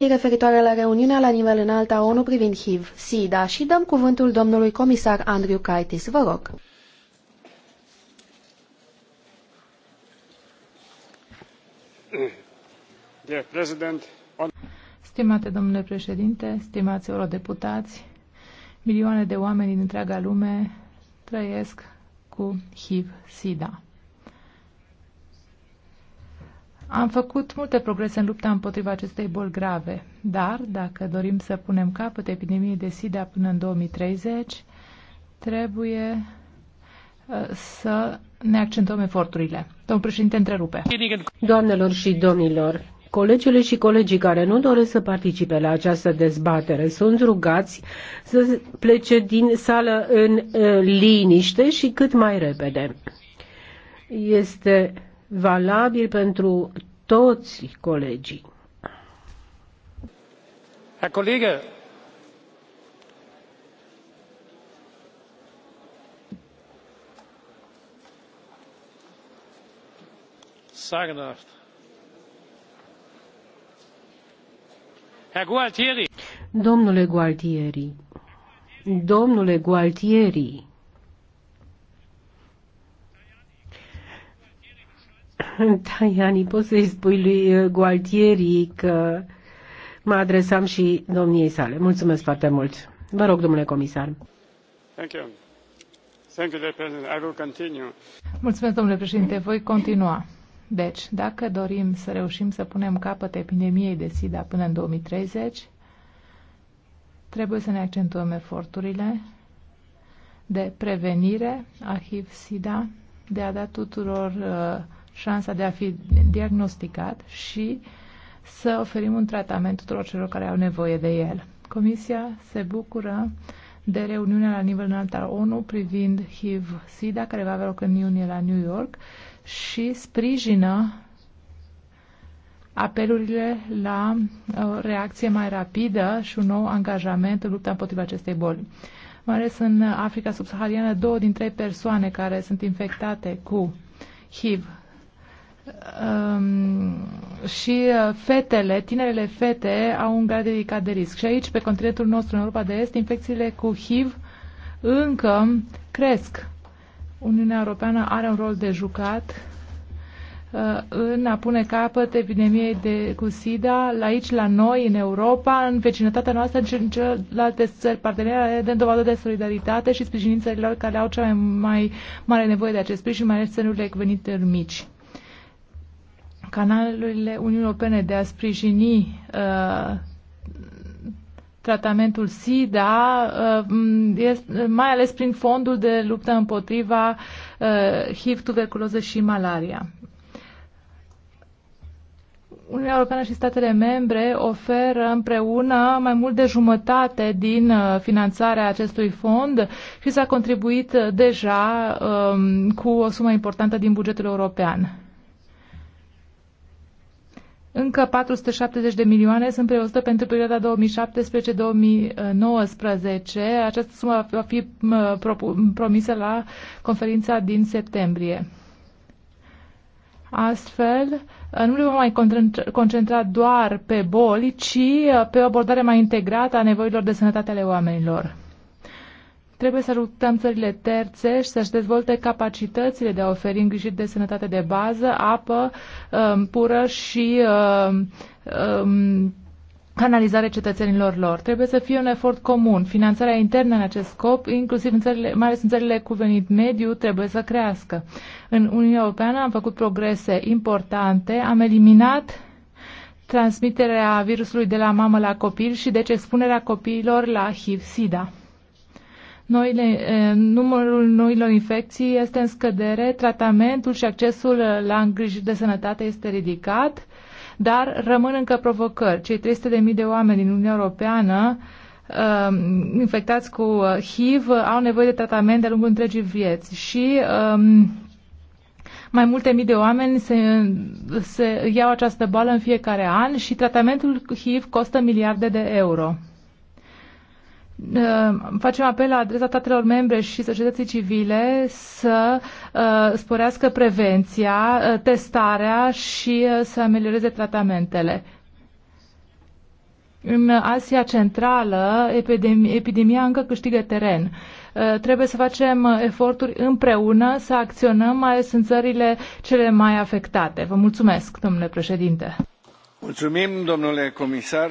referitoare la reuniunea la nivel înalt a ONU privind HIV-SIDA și dăm cuvântul domnului comisar Andrew Kaitis. Vă rog. Stimate domnule președinte, stimați eurodeputați, milioane de oameni din întreaga lume trăiesc cu HIV-SIDA. Am făcut multe progrese în lupta împotriva acestei boli grave, dar dacă dorim să punem capăt epidemiei de SIDA până în 2030, trebuie uh, să ne accentuăm eforturile. Domnul președinte, întrerupe. Doamnelor și domnilor, colegiile și colegii care nu doresc să participe la această dezbatere sunt rugați să plece din sală în uh, liniște și cât mai repede. Este valabil pentru toți colegii. Herr Kollege, Herr Gualtieri. Domnule Gualtieri, domnule Gualtieri, Taiani, da, poți să-i spui lui uh, Gualtieri că mă adresam și domniei sale. Mulțumesc foarte mult. Vă rog, domnule comisar. Thank you. Thank you, I will continue. Mulțumesc, domnule președinte. Voi continua. Deci, dacă dorim să reușim să punem capăt epidemiei de SIDA până în 2030, trebuie să ne accentuăm eforturile de prevenire a HIV-SIDA, de a da tuturor uh, șansa de a fi diagnosticat și să oferim un tratament tuturor celor care au nevoie de el. Comisia se bucură de reuniunea la nivel înalt al ONU privind HIV-SIDA, care va avea loc în iunie la New York, și sprijină apelurile la o uh, reacție mai rapidă și un nou angajament în lupta împotriva acestei boli. Mai ales în Africa subsahariană, două din trei persoane care sunt infectate cu HIV Um, și uh, fetele, tinerele fete au un grad ridicat de risc. Și aici, pe continentul nostru, în Europa de Est, infecțiile cu HIV încă cresc. Uniunea Europeană are un rol de jucat uh, în a pune capăt epidemiei de cu SIDA, la aici, la noi, în Europa, în vecinătatea noastră, în celelalte țări parteneriale, de dovadă de solidaritate și sprijinind lor, care au cea mai mare nevoie de acest sprijin, mai ales țările cu venituri mici canalurile Uniunii Europene de a sprijini uh, tratamentul SIDA, uh, mm, mai ales prin fondul de luptă împotriva uh, HIV, tuberculoză și malaria. Uniunea Europeană și statele membre oferă împreună mai mult de jumătate din finanțarea acestui fond și s-a contribuit deja um, cu o sumă importantă din bugetul european. Încă 470 de milioane sunt prevăzute pentru perioada 2017-2019. Această sumă va fi promisă la conferința din septembrie. Astfel, nu ne vom mai concentra doar pe boli, ci uh, pe o abordare mai integrată a nevoilor de sănătate ale oamenilor. Trebuie să ajutăm țările terțe și să-și dezvolte capacitățile de a oferi îngrijiri de sănătate de bază, apă um, pură și um, um, canalizare cetățenilor lor. Trebuie să fie un efort comun. Finanțarea internă în acest scop, inclusiv în țările, mai ales în țările cu venit mediu, trebuie să crească. În Uniunea Europeană am făcut progrese importante, am eliminat transmiterea virusului de la mamă la copil și deci expunerea copiilor la HIV-SIDA. Noile, numărul noilor infecții este în scădere, tratamentul și accesul la îngrijiri de sănătate este ridicat, dar rămân încă provocări. Cei 300.000 de oameni din Uniunea Europeană infectați cu HIV au nevoie de tratament de lungul întregii vieți și um, mai multe mii de oameni se, se iau această boală în fiecare an și tratamentul HIV costă miliarde de euro. Uh, facem apel la adresa statelor membre și societății civile să uh, sporească prevenția, uh, testarea și să amelioreze tratamentele. În Asia Centrală, epidemia, epidemia încă câștigă teren. Trebuie să facem eforturi împreună, să acționăm, mai ales în țările cele mai afectate. Vă mulțumesc, domnule președinte. Mulțumim, domnule comisar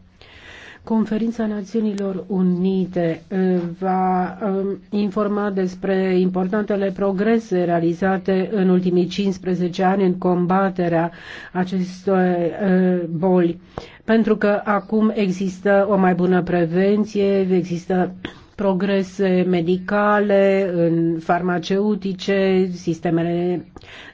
Conferința Națiunilor Unite eh, va ehm, informa despre importantele progrese realizate în ultimii 15 ani în combaterea acestor eh, boli, pentru că acum există o mai bună prevenție, există progrese medicale, în farmaceutice, sistemele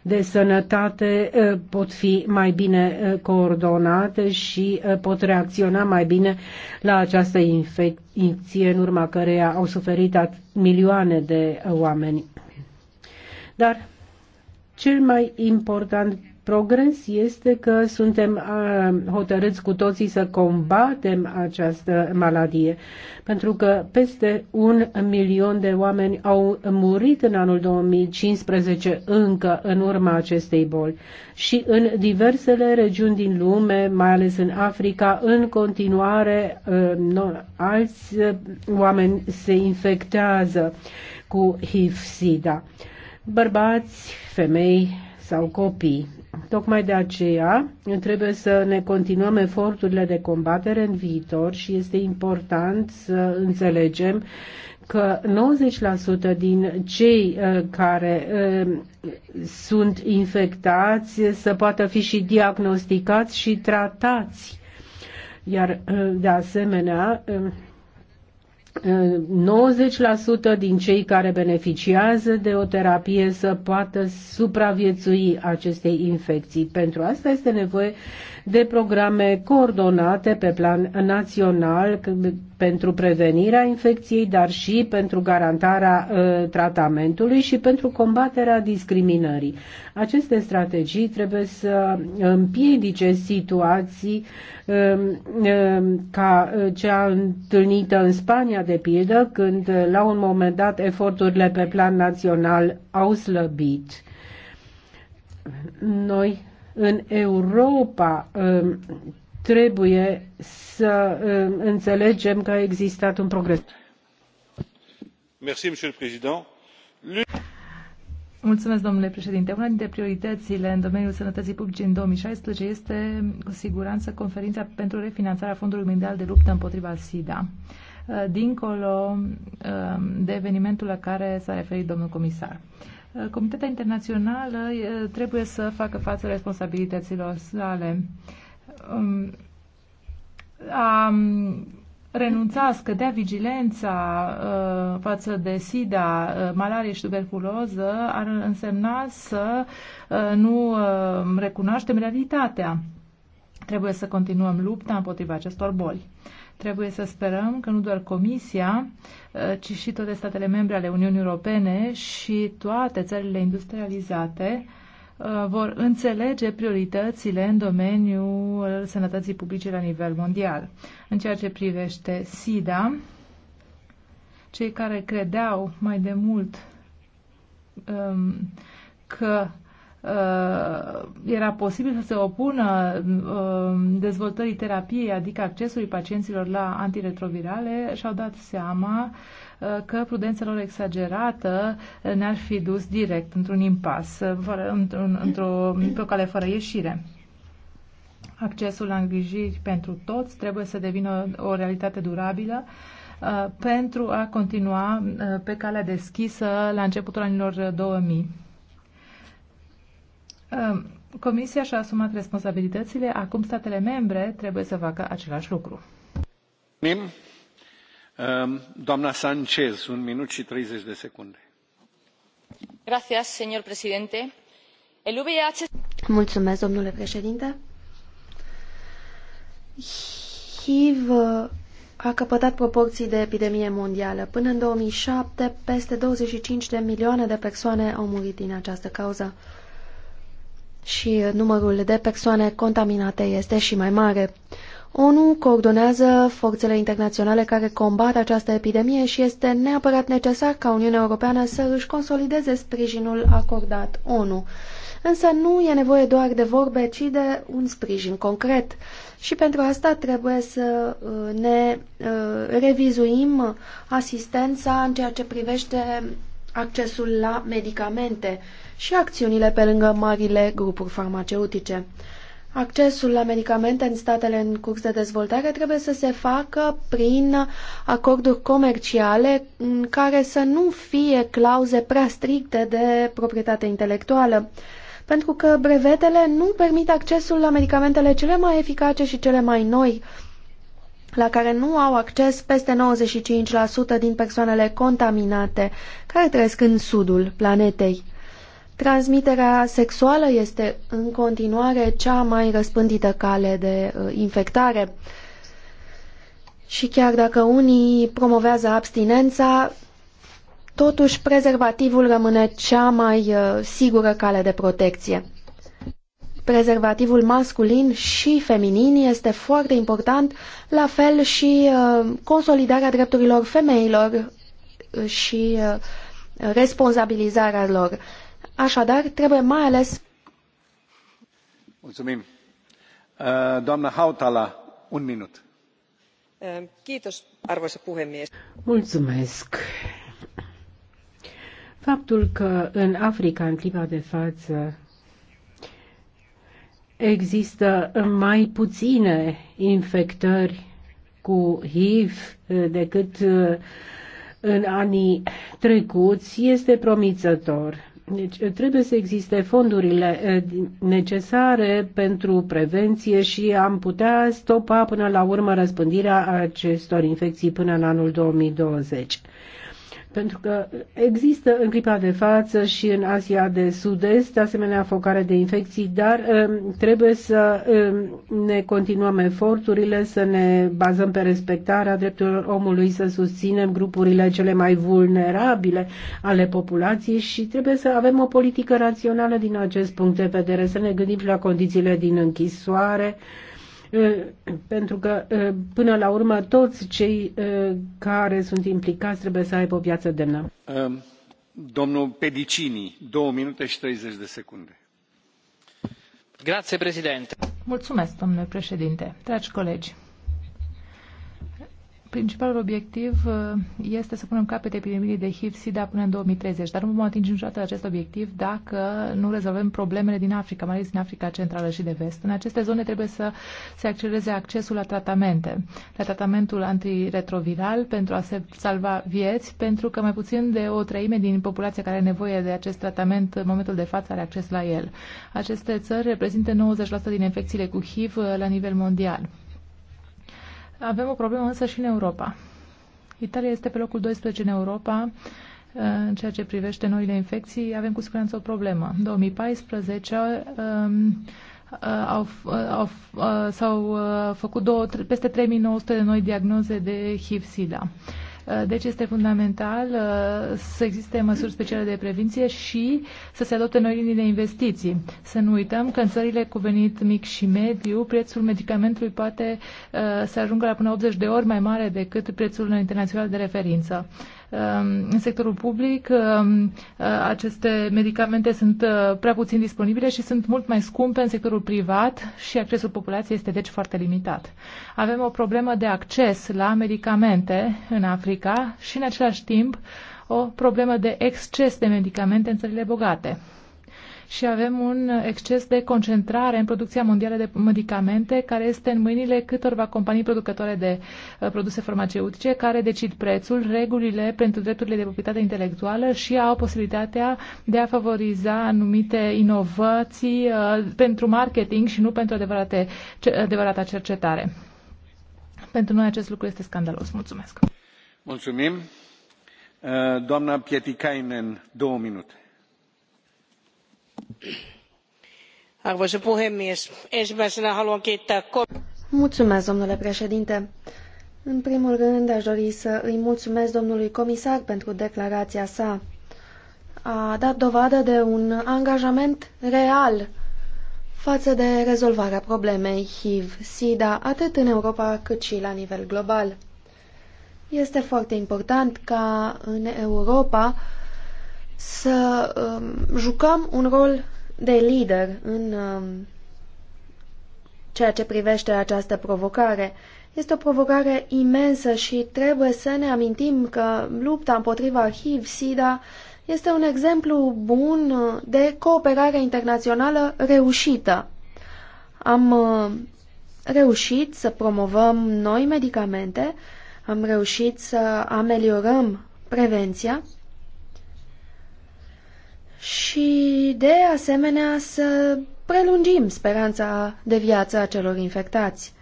de sănătate eh, pot fi mai bine eh, coordonate și eh, pot reacționa mai bine la această infecție în urma căreia au suferit milioane de oameni. Dar cel mai important progres este că suntem hotărâți cu toții să combatem această maladie, pentru că peste un milion de oameni au murit în anul 2015 încă în urma acestei boli. Și în diversele regiuni din lume, mai ales în Africa, în continuare alți oameni se infectează cu HIV-SIDA. Bărbați, femei sau copii. Tocmai de aceea trebuie să ne continuăm eforturile de combatere în viitor și este important să înțelegem că 90% din cei uh, care uh, sunt infectați să poată fi și diagnosticați și tratați. Iar, uh, de asemenea, 90% din cei care beneficiază de o terapie să poată supraviețui acestei infecții. Pentru asta este nevoie de programe coordonate pe plan național pentru prevenirea infecției, dar și pentru garantarea uh, tratamentului și pentru combaterea discriminării. Aceste strategii trebuie să împiedice situații uh, uh, ca cea întâlnită în Spania, de pildă, când la un moment dat eforturile pe plan național au slăbit. Noi în Europa um, trebuie să um, înțelegem că a existat un progres. Mulțumesc, domnule președinte. Una dintre prioritățile în domeniul sănătății publice în 2016 este, cu siguranță, conferința pentru refinanțarea Fondului Mondial de Luptă împotriva SIDA. Uh, dincolo um, de evenimentul la care s-a referit domnul comisar. Comunitatea internațională eh, trebuie să facă față responsabilităților sale. Um, a renunța, a scădea vigilența eh, față de SIDA, eh, malarie și tuberculoză ar însemna să nu recunoaștem realitatea. Trebuie să continuăm lupta împotriva acestor boli. Trebuie să sperăm că nu doar Comisia, ă, ci și toate statele membre ale Uniunii Europene și toate țările industrializate ă, vor înțelege prioritățile în domeniul sănătății publice la nivel mondial. În ceea ce privește SIDA, cei care credeau mai de mult um, că Uh, era posibil să se opună uh, dezvoltării terapiei, adică accesului pacienților la antiretrovirale, și-au dat seama uh, că prudența lor exagerată ne-ar fi dus direct într-un impas, într-o, într-o pe o cale fără ieșire. Accesul la îngrijiri pentru toți trebuie să devină o realitate durabilă pentru a continua pe calea deschisă la începutul anilor 2000. Comisia și-a asumat responsabilitățile, acum statele membre trebuie să facă același lucru. Doamna Sanchez, un minut și 30 de secunde. Gracias, señor presidente. El VIH... Mulțumesc, domnule președinte. HIV a căpătat proporții de epidemie mondială. Până în 2007, peste 25 de milioane de persoane au murit din această cauză și numărul de persoane contaminate este și mai mare. ONU coordonează forțele internaționale care combat această epidemie și este neapărat necesar ca Uniunea Europeană să își consolideze sprijinul acordat ONU. Însă nu e nevoie doar de vorbe, ci de un sprijin concret. Și pentru asta trebuie să uh, ne uh, revizuim asistența în ceea ce privește accesul la medicamente și acțiunile pe lângă marile grupuri farmaceutice. Accesul la medicamente în statele în curs de dezvoltare trebuie să se facă prin acorduri comerciale în care să nu fie clauze prea stricte de proprietate intelectuală, pentru că brevetele nu permit accesul la medicamentele cele mai eficace și cele mai noi, la care nu au acces peste 95% din persoanele contaminate care trăiesc în sudul planetei. Transmiterea sexuală este în continuare cea mai răspândită cale de uh, infectare. Și chiar dacă unii promovează abstinența, totuși prezervativul rămâne cea mai uh, sigură cale de protecție prezervativul masculin și feminin este foarte important, la fel și uh, consolidarea drepturilor femeilor uh, și uh, responsabilizarea lor. Așadar, trebuie mai ales. Mulțumim. Doamna Hautala, un minut. Kiitos, arvoisa puhemies. Mulțumesc. Faptul că în Africa, în clipa de față, există mai puține infectări cu HIV eh, decât eh, în anii trecuți este promițător. Deci eh, trebuie să existe fondurile necesare pentru prevenție și am putea stopa până la urmă răspândirea acestor infecții până în anul 2020. Pentru că există în clipa de față și în Asia de Sud-Est asemenea focare de infecții, dar um, trebuie să um, ne continuăm eforturile, să ne bazăm pe respectarea drepturilor omului, să susținem grupurile cele mai vulnerabile ale populației și trebuie să avem o politică rațională din acest punct de vedere, să ne gândim și la condițiile din închisoare, Uh, pentru că uh, până la urmă toți cei uh, care sunt implicați trebuie să aibă o viață demnă. Um, domnul Pedicini, 2 minute și 30 de secunde. Grazie, președinte. Mulțumesc, domnule președinte. Dragi colegi, Principalul obiectiv uh, este să punem capăt epidemiei de HIV-SIDA până în 2030, dar nu vom atinge niciodată acest obiectiv dacă nu rezolvăm problemele din Africa, mai ales din Africa Centrală și de Vest. În aceste zone trebuie să se accelereze accesul la tratamente, la tratamentul antiretroviral pentru a se salva vieți, pentru că mai puțin de o treime din populația care are nevoie de acest tratament în momentul de față are acces la el. Aceste țări reprezintă 90% din infecțiile cu HIV uh, la nivel mondial. Avem o problemă însă și în Europa. Italia este pe locul 12 în Europa uh, în ceea ce privește noile infecții. Avem cu siguranță o problemă. În 2014 uh, uh, au, au, s-au făcut două, peste 3900 de noi diagnoze de HIV-SIDA. Uh, deci este fundamental uh, să existe măsuri speciale de prevenție și să se adopte noi linii de investiții. Să nu uităm că în țările cu venit mic și mediu, prețul medicamentului poate uh, să ajungă la până 80 de ori mai mare decât prețul internațional de referință. Ehm, în sectorul public ehm, eh, aceste medicamente sunt eh, prea puțin disponibile și sunt mult mai scumpe în sectorul privat și accesul populației este deci foarte limitat. Avem o problemă de acces la medicamente în Africa și în același timp o problemă de exces de medicamente în țările bogate și avem un exces de concentrare în producția mondială de medicamente care este în mâinile câtorva companii producătoare de uh, produse farmaceutice care decid prețul, regulile pentru drepturile de proprietate intelectuală și au posibilitatea de a favoriza anumite inovații uh, pentru marketing și nu pentru adevărate, adevărata cercetare. Pentru noi acest lucru este scandalos. Mulțumesc! Mulțumim! Uh, doamna Pietikainen, două minute domnule președinte. În primul rând, aș dori să îi mulțumesc domnului comisar pentru declarația sa. A dat dovadă de un angajament real față de rezolvarea problemei HIV-SIDA, atât în Europa cât și la nivel global. Este foarte important ca în Europa să um, jucăm un rol de lider în um, ceea ce privește această provocare. Este o provocare imensă și trebuie să ne amintim că lupta împotriva HIV-SIDA este un exemplu bun de cooperare internațională reușită. Am uh, reușit să promovăm noi medicamente, am reușit să ameliorăm prevenția și, de asemenea, să prelungim speranța de viață a celor infectați.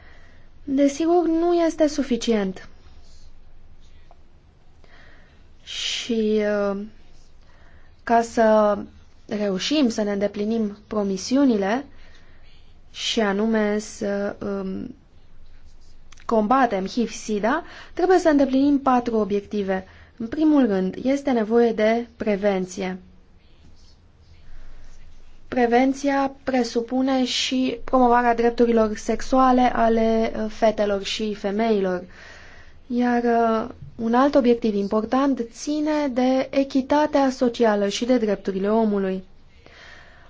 Desigur, nu este suficient. Și uh, ca să reușim să ne îndeplinim promisiunile, și anume să um, combatem HIV-SIDA, trebuie să îndeplinim patru obiective. În primul rând, este nevoie de prevenție. Prevenția presupune și promovarea drepturilor sexuale ale uh, fetelor și femeilor. Iar uh, un alt obiectiv important ține de echitatea socială și de drepturile omului.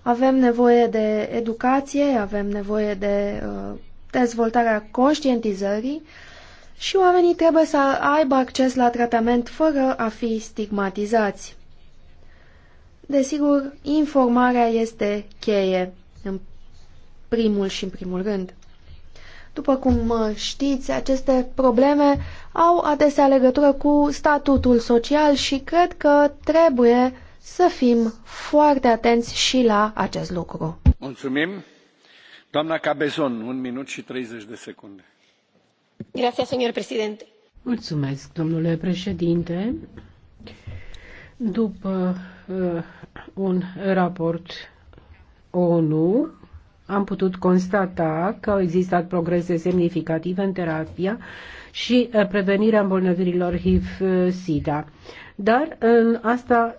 Avem nevoie de educație, avem nevoie de uh, dezvoltarea conștientizării și oamenii trebuie să aibă acces la tratament fără a fi stigmatizați. Desigur, informarea este cheie în primul și în primul rând. După cum uh, știți, aceste probleme au adesea legătură cu statutul social și cred că trebuie să fim foarte atenți și la acest lucru. Mulțumim. Doamna Cabezon, un minut și 30 de secunde. Grazie, Mulțumesc, domnule președinte. După uh, un raport ONU, am putut constata că au existat progrese semnificative în terapia și uh, prevenirea îmbolnăvirilor HIV-SIDA. Uh, Dar uh, asta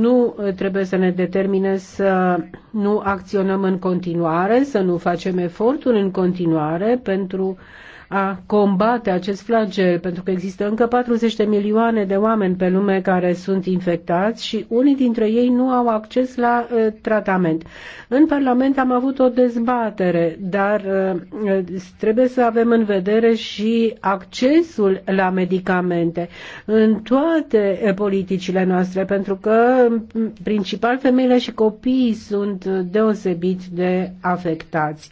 nu trebuie să ne determine să nu acționăm în continuare, să nu facem eforturi în continuare pentru uh, a combate acest flagel, pentru că există încă 40 de milioane de oameni pe lume care sunt infectați și unii dintre ei nu au acces la uh, tratament. În Parlament am avut o dezbatere, dar uh, uh trebuie să avem în vedere și accesul la medicamente în toate uh, politicile noastre, pentru că principal femeile și copiii sunt uh, deosebit de afectați.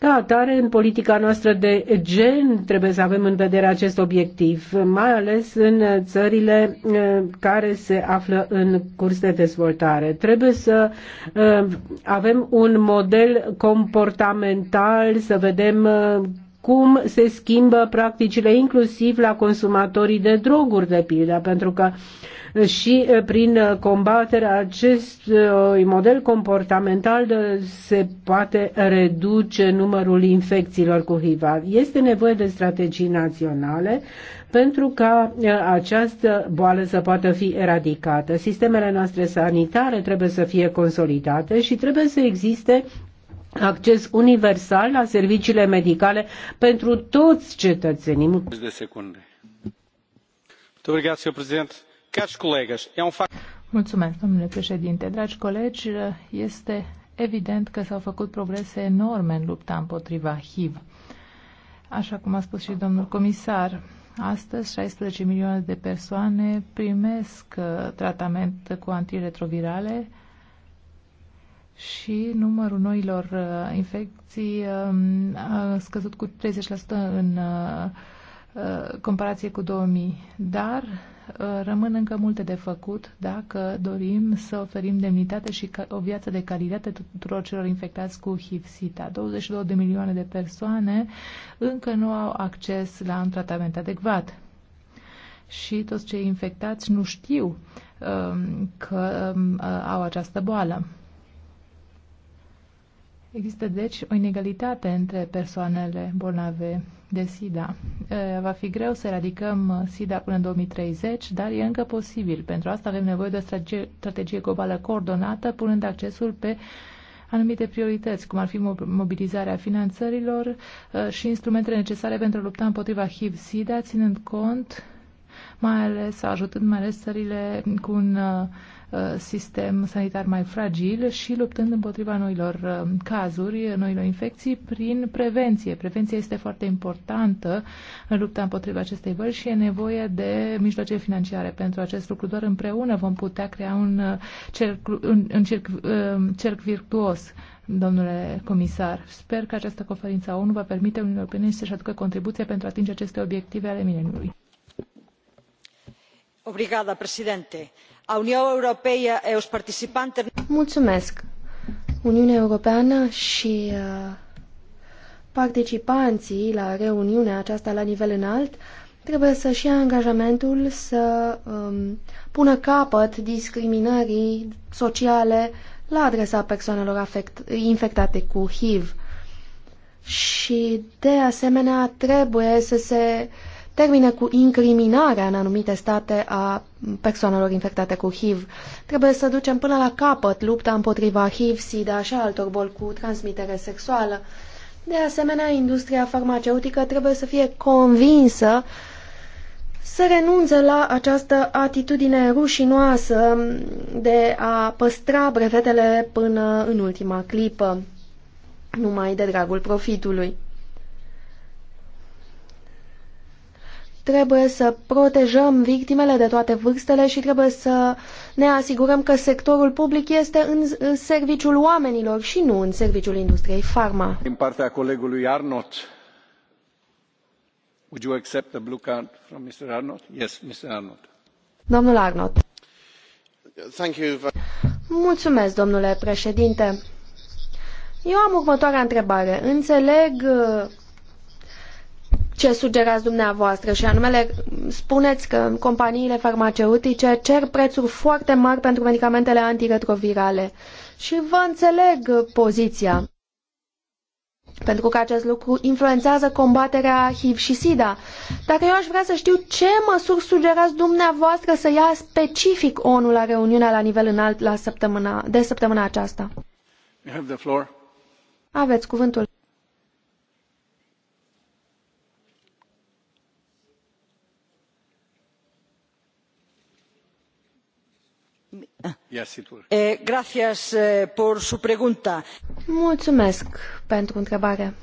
Ca da, atare, în politica noastră de gen trebuie să avem în vedere acest obiectiv, mai ales în țările eh, care se află în curs de dezvoltare. Trebuie să eh, avem un model comportamental, să vedem eh, cum se schimbă practicile inclusiv la consumatorii de droguri, de pildă, pentru că și prin combaterea acestui model comportamental se poate reduce numărul infecțiilor cu HIV. Este nevoie de strategii naționale pentru ca această boală să poată fi eradicată. Sistemele noastre sanitare trebuie să fie consolidate și trebuie să existe acces universal la serviciile medicale pentru toți cetățenii. De secunde. Um Mulțumesc, domnule președinte. Dragi colegi, este evident că s-au făcut progrese enorme în lupta împotriva HIV. Așa cum a spus și domnul comisar, astăzi 16 milioane de persoane primesc uh, tratament cu antiretrovirale, și numărul noilor uh, infecții um, a scăzut cu 30% în uh, uh, comparație cu 2000, dar rămân încă multe de făcut dacă dorim să oferim demnitate și o viață de calitate tuturor celor infectați cu HIV-SIDA. 22 de milioane de persoane încă nu au acces la un tratament adecvat și toți cei infectați nu știu um, că um, au această boală. Există, deci, o inegalitate între persoanele bolnave de SIDA. Va fi greu să eradicăm uh, SIDA până în 2030, dar e încă posibil. Pentru asta avem nevoie de o strategie, globală coordonată, punând accesul pe anumite priorități, cum ar fi mobilizarea finanțărilor uh, și instrumentele necesare pentru a lupta împotriva HIV-SIDA, ținând cont mai ales ajutând mai ales țările cu un uh, uh, sistem sanitar mai fragil și luptând împotriva noilor uh, cazuri, noilor infecții prin prevenție. Prevenția este foarte importantă în lupta împotriva acestei boli și e nevoie de mijloace financiare pentru acest lucru. Doar împreună vom putea crea un cerc, un, un cerc, cerc virtuos domnule comisar. Sper că această conferință a ONU va permite Uniunii Europene să-și aducă contribuția pentru a atinge aceste obiective ale mileniului doamnă președintă uniunea europeană și uh, participanții la reuniunea aceasta la nivel înalt trebuie să-și ia angajamentul să um, pună capăt discriminării sociale la adresa persoanelor afect, infectate cu HIV. Și, de asemenea, trebuie să se uh, termine cu incriminarea în anumite state a persoanelor infectate cu HIV. Trebuie să ducem până la capăt lupta împotriva HIV, SIDA și altor boli cu transmitere sexuală. De asemenea, industria farmaceutică trebuie să fie convinsă să renunțe la această atitudine rușinoasă de a păstra brevetele până în ultima clipă, numai de dragul profitului. Trebuie să protejăm victimele de toate vârstele și trebuie să ne asigurăm că sectorul public este în serviciul oamenilor și nu în serviciul industriei farma. Din partea colegului Arnott. Would you accept the blue card from Mr. Arnott? Yes, Mr. Arnott. Domnul Arnott. Thank you. Mulțumesc, domnule președinte. Eu am următoarea întrebare. Înțeleg ce sugerați dumneavoastră și anume spuneți că companiile farmaceutice cer prețuri foarte mari pentru medicamentele antiretrovirale și vă înțeleg poziția pentru că acest lucru influențează combaterea HIV și SIDA. Dar eu aș vrea să știu ce măsuri sugerați dumneavoastră să ia specific ONU la reuniunea la nivel înalt la săptămâna, de săptămâna aceasta. Aveți cuvântul. Mulțumesc pentru întrebare.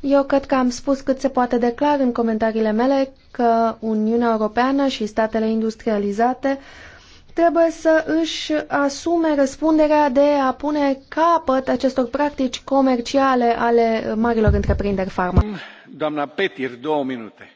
Eu cred că am spus cât se poate de clar în comentariile mele că Uniunea Europeană și statele industrializate trebuie să își asume răspunderea de a pune capăt acestor practici comerciale ale marilor întreprinderi farmaceutice. Doamna Petir, două minute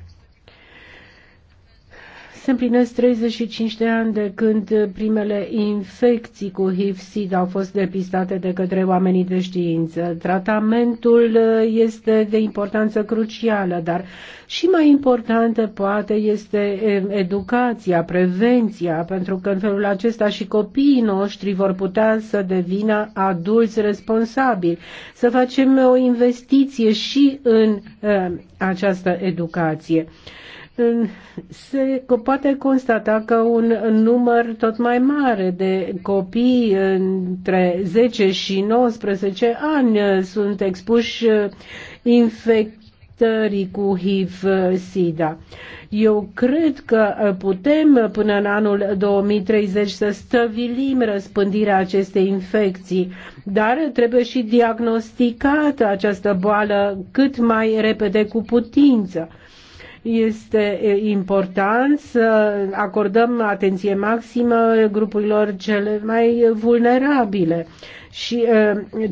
Se împlinesc 35 de ani de când primele infecții cu HIV-SID au fost depistate de către oamenii de știință. Tratamentul uh, este de importanță crucială, dar și mai importantă poate este uh, educația, prevenția, pentru că în felul acesta și copiii noștri vor putea să devină adulți responsabili. Să facem o investiție și în uh, această educație se poate constata că un număr tot mai mare de copii între 10 și 19 ani sunt expuși infectării cu HIV-SIDA. Eu cred că putem până în anul 2030 să stăvilim răspândirea acestei infecții, dar trebuie și diagnosticată această boală cât mai repede cu putință este important să acordăm atenție maximă grupurilor cele mai vulnerabile și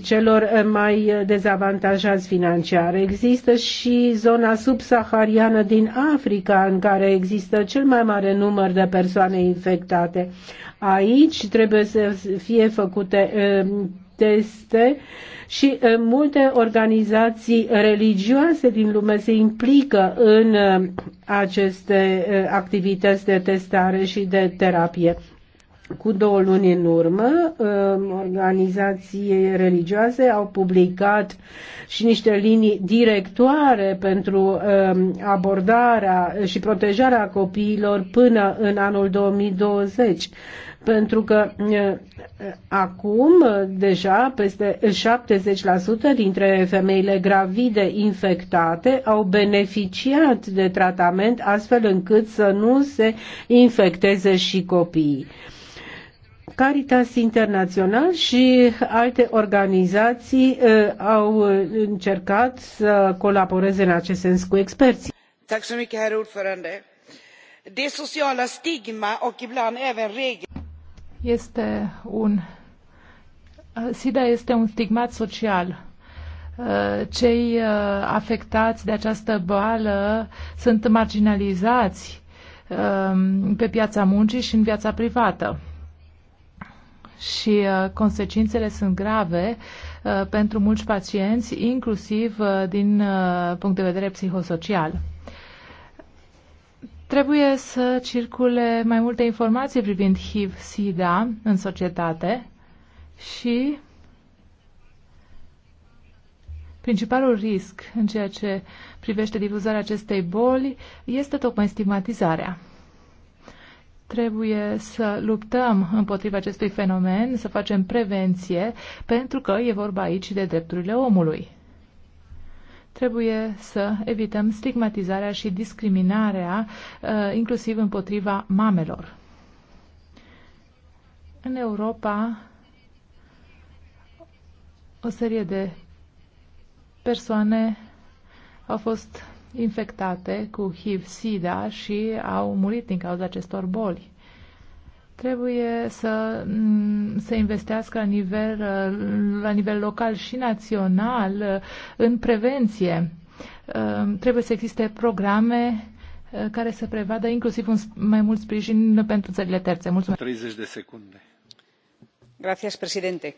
celor mai dezavantajați financiar. Există și zona subsahariană din Africa în care există cel mai mare număr de persoane infectate. Aici trebuie să fie făcute teste și eh, multe organizații religioase din lume se implică în eh, aceste eh, activități de testare și de terapie. Cu două luni în urmă, organizații religioase au publicat și niște linii directoare pentru abordarea și protejarea copiilor până în anul 2020 pentru că acum deja peste 70% dintre femeile gravide infectate au beneficiat de tratament astfel încât să nu se infecteze și copiii. Caritas Internațional și alte organizații au încercat să colaboreze în acest sens cu experții. Mulțumesc, herr Det sociala stigma och ibland även regler este un SIDA este un stigmat social. Uh, cei uh, afectați de această boală sunt marginalizați um, pe piața muncii și în viața privată. Și uh, consecințele sunt grave pentru mulți pacienți, inclusiv din punct de vedere psihosocial. Trebuie să circule mai multe informații privind HIV-SIDA în societate și principalul risc în ceea ce privește difuzarea acestei boli este tocmai stigmatizarea. Trebuie să luptăm împotriva acestui fenomen, să facem prevenție, pentru că e vorba aici de drepturile omului. Trebuie să evităm stigmatizarea și discriminarea, uh, inclusiv împotriva mamelor. În Europa, o serie de persoane au fost infectate cu HIV-SIDA și au murit din cauza acestor boli. Trebuie să mm, se investească la nivel, uh, la nivel local și național uh, în prevenție. Uh, trebuie să existe programe care să prevadă inclusiv un, mai mult sprijin pentru țările terțe. Mulțumesc. 30 de secunde. Gracias, presidente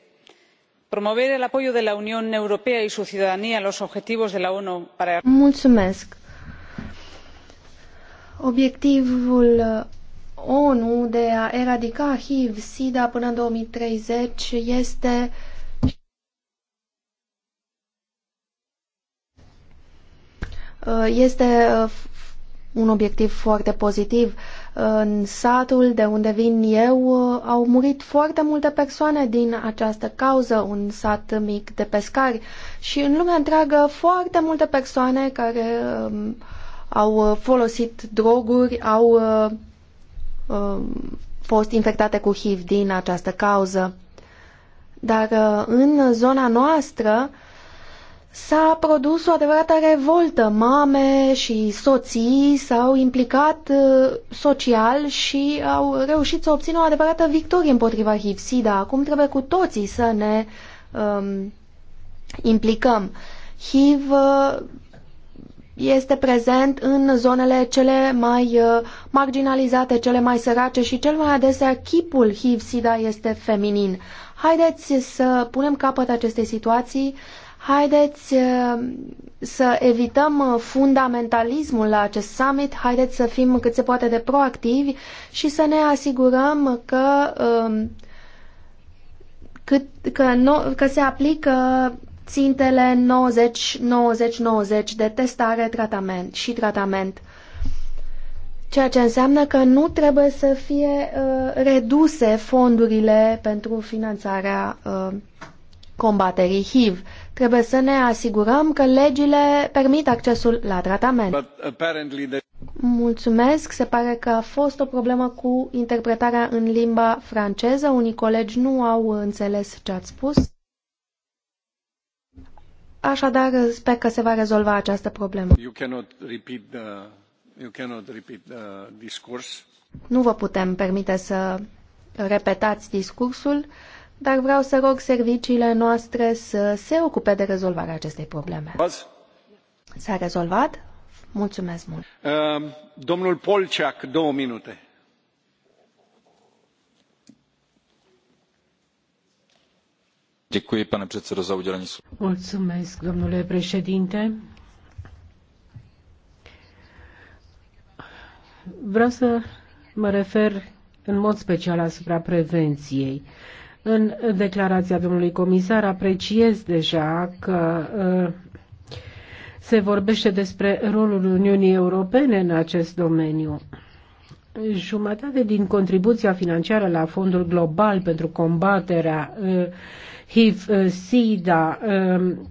promover el apoyo de la unión europea y su ciudadanía a los objetivos de la onu para. Mulțumesc. Obiectivul ONU de a eradica HIV-SIDA până în 2030 este uh, este uh, un obiectiv foarte pozitiv. În satul de unde vin eu uh, au murit foarte multe persoane din această cauză, un sat mic de pescari și în lumea întreagă foarte multe persoane care um, au folosit droguri, au uh, Um, fost infectate cu HIV din această cauză. Dar uh, în zona noastră s-a produs o adevărată revoltă. Mame și soții s-au implicat uh, social și au reușit să obțină o adevărată victorie împotriva HIV-SIDA. Acum trebuie cu toții să ne um, implicăm. HIV uh, este prezent în zonele cele mai uh, marginalizate, cele mai sărace și cel mai adesea chipul HIV-SIDA este feminin. Haideți să punem capăt acestei situații, haideți uh, să evităm uh, fundamentalismul la acest summit, haideți să fim cât se poate de proactivi și să ne asigurăm că, um, că, că, no, că se aplică țintele 90-90-90 de testare, tratament și tratament. Ceea ce înseamnă că nu trebuie să fie uh, reduse fondurile pentru finanțarea uh, combaterii HIV. Trebuie să ne asigurăm că legile permit accesul la tratament. Mulțumesc. Se pare că a fost o problemă cu interpretarea în limba franceză. Unii colegi nu au înțeles ce ați spus. Așadar, sper că se va rezolva această problemă. Nu vă putem permite să repetați discursul, dar vreau să rog serviciile noastre să se ocupe de rezolvarea acestei probleme. S-a rezolvat? Mulțumesc mult. Uh, domnul Polciac, două minute pane předsedající. Mulțumesc, domnule președinte. Vreau să mă refer în mod special asupra prevenției. În declarația domnului comisar apreciez deja că uh, se vorbește despre rolul Uniunii Europene în acest domeniu. Jumătate din contribuția financiară la Fondul Global pentru combaterea uh, HIV-SIDA uh, um,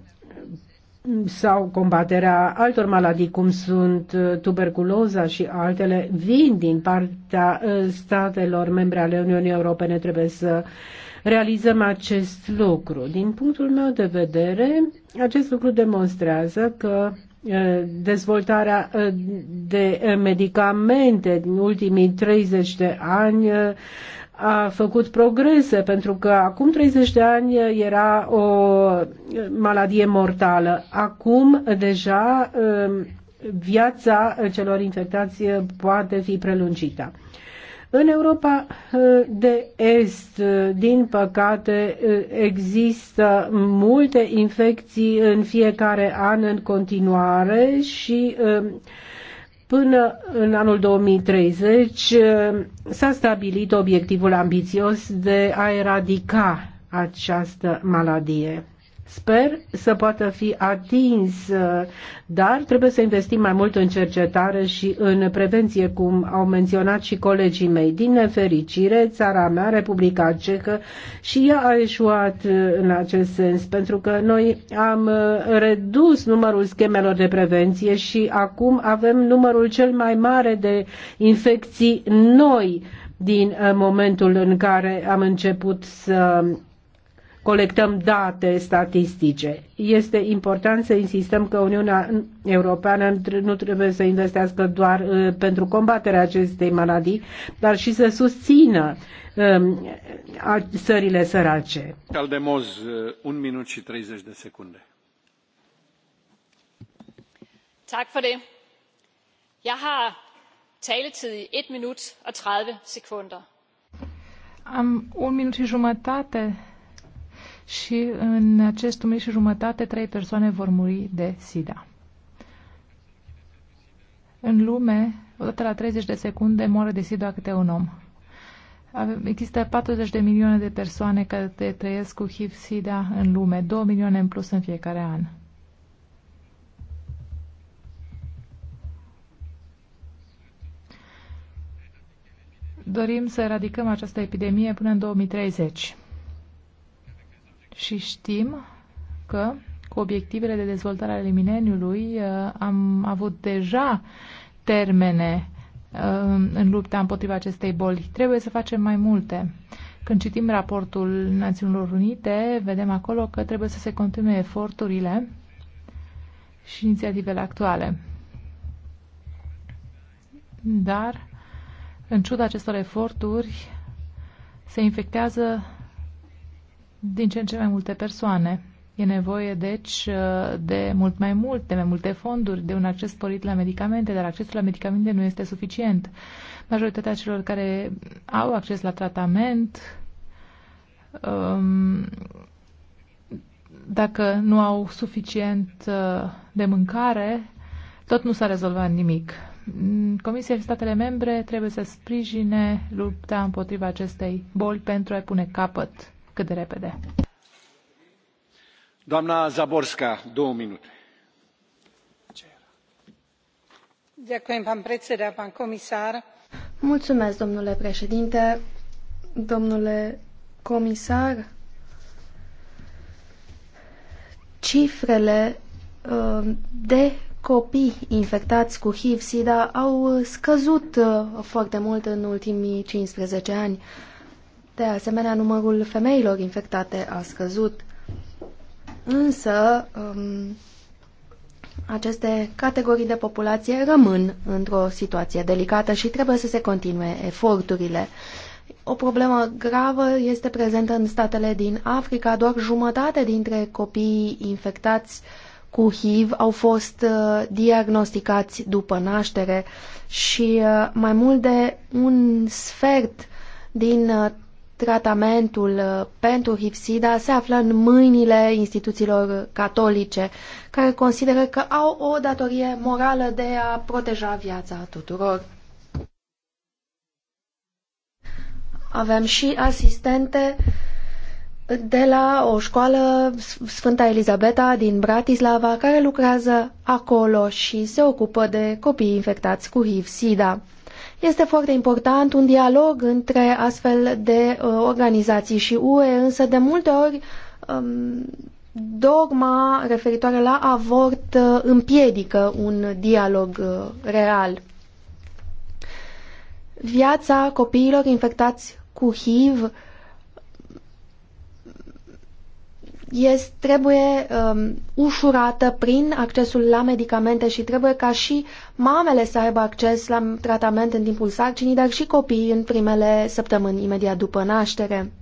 sau combaterea altor maladii cum sunt uh, tuberculoza și altele vin din partea uh, statelor membre ale Uniunii Europene. Trebuie să realizăm acest lucru. Din punctul meu de vedere, acest lucru demonstrează că dezvoltarea de medicamente din ultimii 30 de ani a făcut progrese, pentru că acum 30 de ani era o maladie mortală. Acum deja um, viața celor infectați poate fi prelungită. În Europa uh, de Est, uh, din păcate, uh, există multe infecții în fiecare an în continuare și um, Până în anul 2030 eh, s-a stabilit obiectivul ambițios de a eradica această maladie. Sper să poată fi atins, dar trebuie să investim mai mult în cercetare și în prevenție, cum au menționat și colegii mei. Din nefericire, țara mea, Republica Cehă, și ea a eșuat în acest sens, pentru că noi am redus numărul schemelor de prevenție și acum avem numărul cel mai mare de infecții noi din momentul în care am început să colectăm date statistice. Este important să insistăm că Uniunea Europeană nu trebuie să investească doar uh, pentru combaterea acestei maladii, dar și să susțină um, țările sărace. Caldemoz, uh, un minut și 30 de secunde. Tak for det. Jeg har taletid i 1 minut og 30 sekunder. Am 1 minut și jumătate și în acest un și jumătate trei persoane vor muri de SIDA. În lume, odată la 30 de secunde, moare de SIDA câte un om. Există 40 de milioane de persoane care trăiesc cu HIV-SIDA în lume, 2 milioane în plus în fiecare an. Dorim să eradicăm această epidemie până în 2030 și știm că cu obiectivele de dezvoltare ale mileniului uh, am avut deja termene uh, în lupta împotriva acestei boli. Trebuie să facem mai multe. Când citim raportul Națiunilor Unite, vedem acolo că trebuie să se continue eforturile și inițiativele actuale. Dar, în ciuda acestor eforturi, se infectează din ce în ce mai multe persoane. E nevoie, deci, uh, de mult mai mult, de mai multe fonduri, de un acces sporit la medicamente, dar accesul la medicamente nu este suficient. Majoritatea celor care au acces la tratament, um, dacă nu au suficient uh, de mâncare, tot nu s-a rezolvat nimic. Mm, Comisia și statele membre trebuie să sprijine lupta împotriva acestei boli pentru a pune capăt cât de repede. Doamna Zaborska, două minute. Mulțumesc, domnule președinte, domnule comisar. Cifrele uh, de copii infectați cu HIV-SIDA au scăzut uh, foarte mult în ultimii 15 ani. De asemenea, numărul femeilor infectate a scăzut. Însă, um, aceste categorii de populație rămân într-o situație delicată și trebuie să se continue eforturile. O problemă gravă este prezentă în statele din Africa. Doar jumătate dintre copiii infectați cu HIV au fost uh, diagnosticați după naștere și uh, mai mult de un sfert din uh, tratamentul uh, pentru hipsida se află în mâinile instituțiilor catolice, care consideră că au o datorie morală de a proteja viața tuturor. Avem și asistente de la o școală Sfânta Elizabeta din Bratislava, care lucrează acolo și se ocupă de copii infectați cu HIV-SIDA. Este foarte important un dialog între astfel de uh, organizații și UE, însă de multe ori um, dogma referitoare la avort uh, împiedică un dialog uh, real. Viața copiilor infectați cu HIV este, trebuie um, ușurată prin accesul la medicamente și trebuie ca și mamele să aibă acces la tratament în timpul sarcinii, dar și copiii în primele săptămâni imediat după naștere.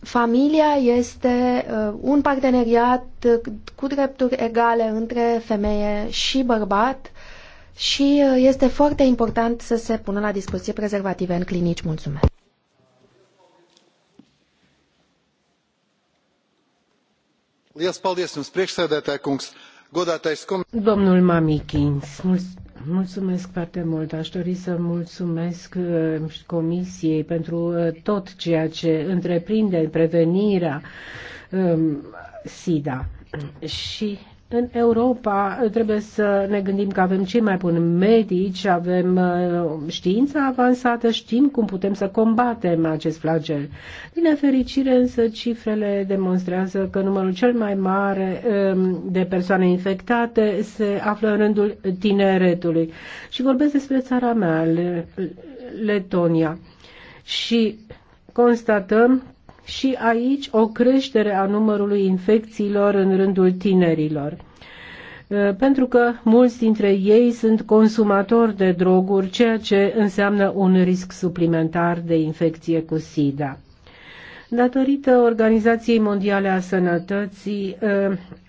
Familia este uh, un parteneriat uh, cu drepturi egale între femeie și bărbat și uh, este foarte important să se pună la dispoziție prezervative în clinici. Mulțumesc! Domnul Mamikins, mulțumesc foarte mult. Aș dori să mulțumesc uh, Comisiei pentru uh, tot ceea ce întreprinde în prevenirea um, SIDA. Și în Europa uh, trebuie să ne gândim că avem cei mai buni medici, avem uh, știința avansată, știm cum putem să combatem acest flagel. Din nefericire însă cifrele demonstrează că numărul cel mai mare um, de persoane infectate se află în rândul tineretului. Și vorbesc despre țara mea, Letonia. Și constatăm și aici o creștere a numărului infecțiilor în rândul tinerilor uh, pentru că mulți dintre ei sunt consumatori de droguri, ceea ce înseamnă un risc suplimentar de infecție cu SIDA. Datorită Organizației Mondiale a Sănătății eh,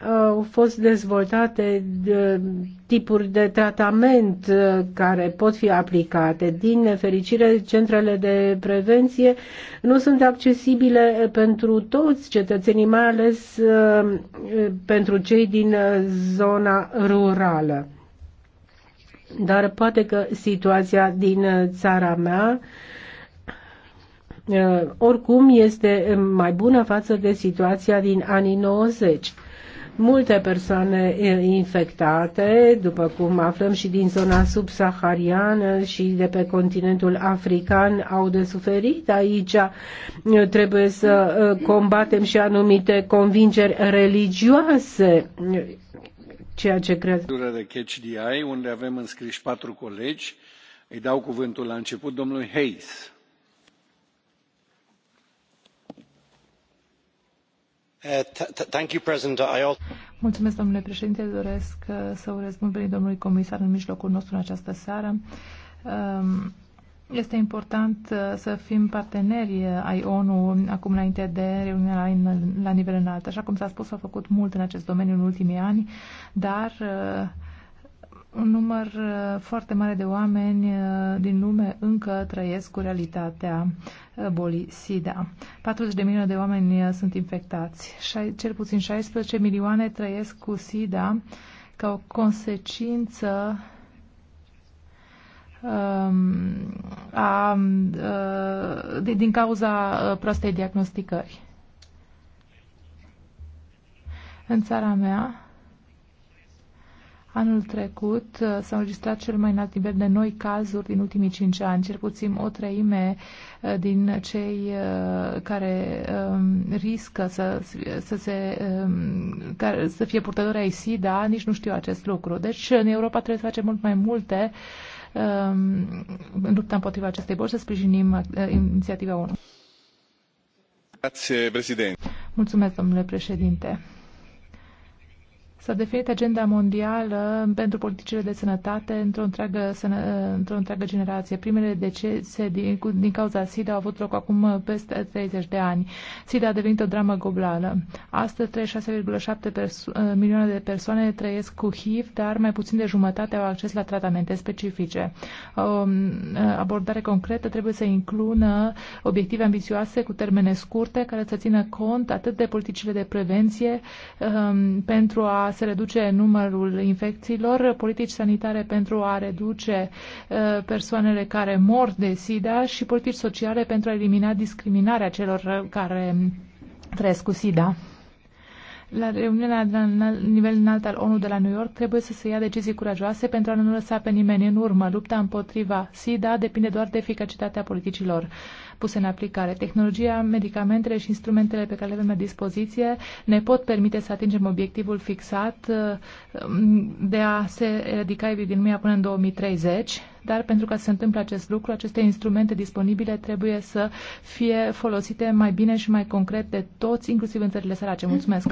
au fost dezvoltate eh, tipuri de tratament eh, care pot fi aplicate. Din nefericire, centrele de prevenție nu sunt accesibile pentru toți cetățenii, mai ales pentru cei din zona rurală. Dar poate că situația din țara mea Eh, oricum este mai bună față de situația din anii 90 multe persoane eh, infectate, după cum aflăm și din zona subsahariană și de pe continentul african au de suferit. Aici eh, trebuie să combatem și anumite convingeri religioase ceea ce cred. de catch the unde avem înscriși patru colegi. Îi dau cuvântul la început domnului Hayes Uh, Mulțumesc, domnule președinte. Doresc uh, să urez bun venit domnului comisar în mijlocul nostru în această seară. Um, este important uh, să fim parteneri ai ONU acum înainte de reuniunea la nivel înalt. Așa cum s-a spus, s au făcut mult în acest domeniu în ultimii ani, dar un număr uh, foarte mare de oameni uh, din lume încă trăiesc cu realitatea uh, bolii SIDA. 40 de milioane de oameni sunt infectați. Cel puțin 16 milioane trăiesc cu SIDA ca o consecință um, a, a, din cauza prostei diagnosticări. În țara mea, Anul trecut uh, s-au înregistrat cel mai înalt nivel de noi cazuri din ultimii cinci ani, cel puțin o treime uh, din cei uh, care um, riscă să, să, se, um, care, să fie purtători ai SIDA, nici nu știu acest lucru. Deci în Europa trebuie să facem mult mai multe um, în lupta împotriva acestei boli, să sprijinim inițiativa ONU. Mulțumesc, domnule președinte. S-a definit agenda mondială pentru politicile de sănătate într-o întreagă, sănă, într întreagă generație. Primele decese din, din cauza SIDA au avut loc acum peste 30 de ani. SIDA a devenit o dramă globală. Astăzi 36,7 eh, milioane de persoane trăiesc cu HIV, dar mai puțin de jumătate au acces la tratamente specifice. O mm, abordare concretă trebuie să includă obiective ambițioase cu termene scurte care să țină cont atât de politicile de prevenție um, pentru a se reduce numărul infecțiilor, politici sanitare pentru a reduce uh, persoanele care mor de SIDA și politici sociale pentru a elimina discriminarea celor uh, care trăiesc cu SIDA la reuniunea de la nivel înalt al ONU de la New York trebuie să se ia decizii curajoase pentru a nu lăsa pe nimeni în urmă. Lupta împotriva SIDA depinde doar de eficacitatea politicilor puse în aplicare. Tehnologia, medicamentele și instrumentele pe care le avem la dispoziție ne pot permite să atingem obiectivul fixat uh, de a se eradica epidemia până în 2030, dar pentru ca să se întâmple acest lucru, aceste instrumente disponibile trebuie să fie folosite mai bine și mai concret de toți, inclusiv în țările sărace. Mulțumesc!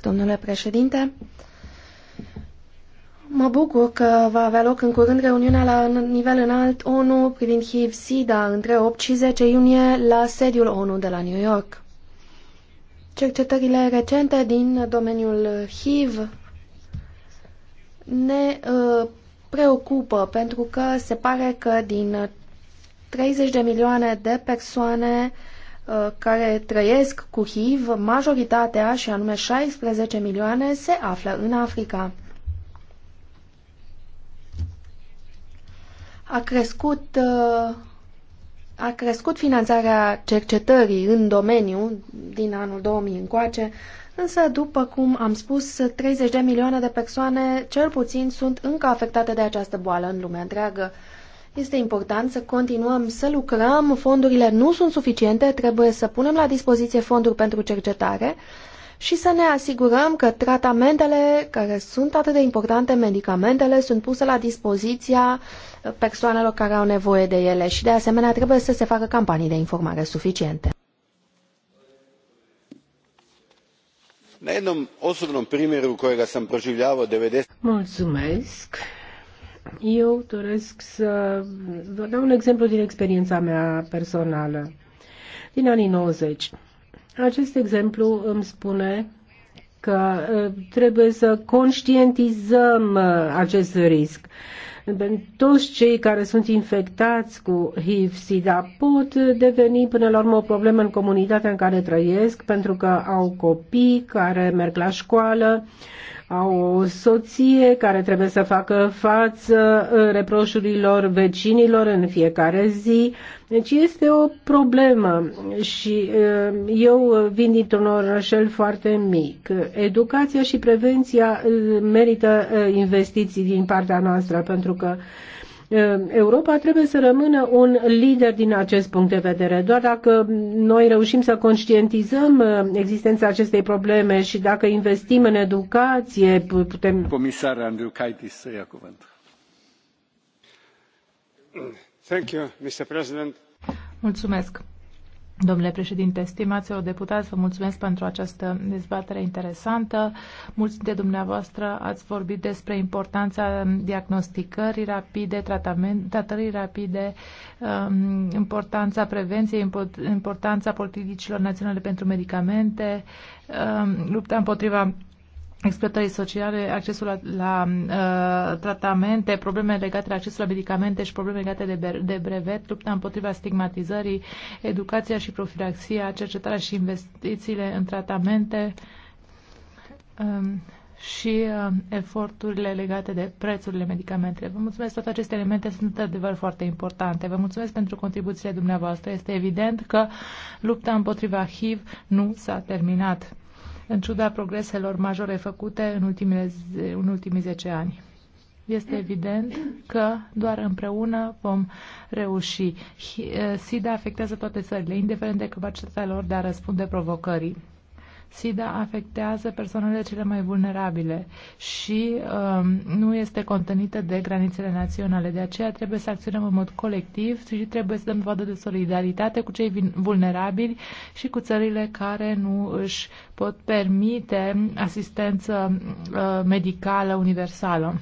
domnule președinte. Mă bucur că va avea loc în curând reuniunea la nivel înalt ONU privind HIV-SIDA între 8 și 10 iunie la sediul ONU de la New York. Cercetările recente din domeniul HIV ne uh, preocupă pentru că se pare că din 30 de milioane de persoane uh, care trăiesc cu HIV, majoritatea, și anume 16 milioane, se află în Africa. A crescut, uh, a crescut finanțarea cercetării în domeniu din anul 2000 încoace, însă, după cum am spus, 30 de milioane de persoane, cel puțin, sunt încă afectate de această boală în lumea întreagă este important să continuăm să lucrăm, fondurile nu sunt suficiente, trebuie să punem la dispoziție fonduri pentru cercetare și să ne asigurăm că tratamentele care sunt atât de importante, medicamentele, sunt puse la dispoziția persoanelor care au nevoie de ele și de asemenea trebuie să se facă campanii de informare suficiente. Na jednom osobnom primjeru kojega sam proživljavao 90... Mulțumesc! Eu doresc să vă dau un exemplu din experiența mea personală, din anii 90. Acest exemplu îmi spune că ă, trebuie să conștientizăm ă, acest risc. Toți cei care sunt infectați cu HIV-SIDA pot deveni până la urmă o problemă în comunitatea în care trăiesc pentru că au copii care merg la școală, au o soție care trebuie să facă față uh, reproșurilor vecinilor în fiecare zi. Deci este o problemă și uh, eu vin dintr-un orășel foarte mic. Educația și prevenția uh, merită investiții din partea noastră pentru că Ehm, Europa trebuie să rămână un lider din acest punct de vedere. Doar dacă noi reușim să conștientizăm ehm, existența acestei probleme și dacă investim în educație, putem. Comisar Andrew Kaitis să ia cuvânt. Thank you, Mr. President. Mulțumesc. Domnule președinte, stimați o deputat, vă mulțumesc pentru această dezbatere interesantă. Mulți dintre dumneavoastră ați vorbit despre importanța diagnosticării rapide, tratării rapide, um, importanța prevenției, importanța politicilor naționale pentru medicamente, um, lupta împotriva exploatării sociale, accesul la, la uh, tratamente, probleme legate de accesul la medicamente și probleme legate de, de brevet, lupta împotriva stigmatizării, educația și profilaxia, cercetarea și investițiile în tratamente um, și uh, eforturile legate de prețurile medicamentelor. Vă mulțumesc, toate aceste elemente sunt adevăr foarte importante. Vă mulțumesc pentru contribuțiile dumneavoastră. Este evident că lupta împotriva HIV nu s-a terminat în ciuda progreselor majore făcute în, ultimele, în ultimii 10 ani. Este evident că doar împreună vom reuși. Eh, SIDA afectează toate țările, indiferent de capacitatea lor de a răspunde provocării. SIDA afectează persoanele cele mai vulnerabile și um, nu este contenită de granițele naționale. De aceea trebuie să acționăm în mod colectiv și trebuie să dăm vadă de solidaritate cu cei vulnerabili și cu țările care nu își pot permite asistență uh, medicală universală.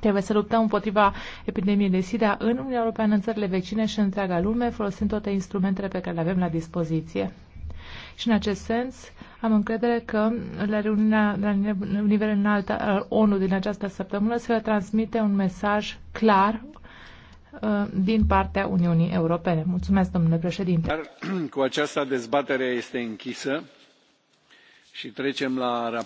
Trebuie să luptăm împotriva epidemiei de SIDA în Uniunea Europeană, în țările vecine și în întreaga lume, folosind toate instrumentele pe care le avem la dispoziție. Și în acest sens am încredere că la reuniunea la nivel înalt al uh, ONU din această săptămână se va transmite un mesaj clar uh, din partea Uniunii Europene. Mulțumesc, domnule președinte. Dar, cu această dezbatere este închisă și trecem la raport.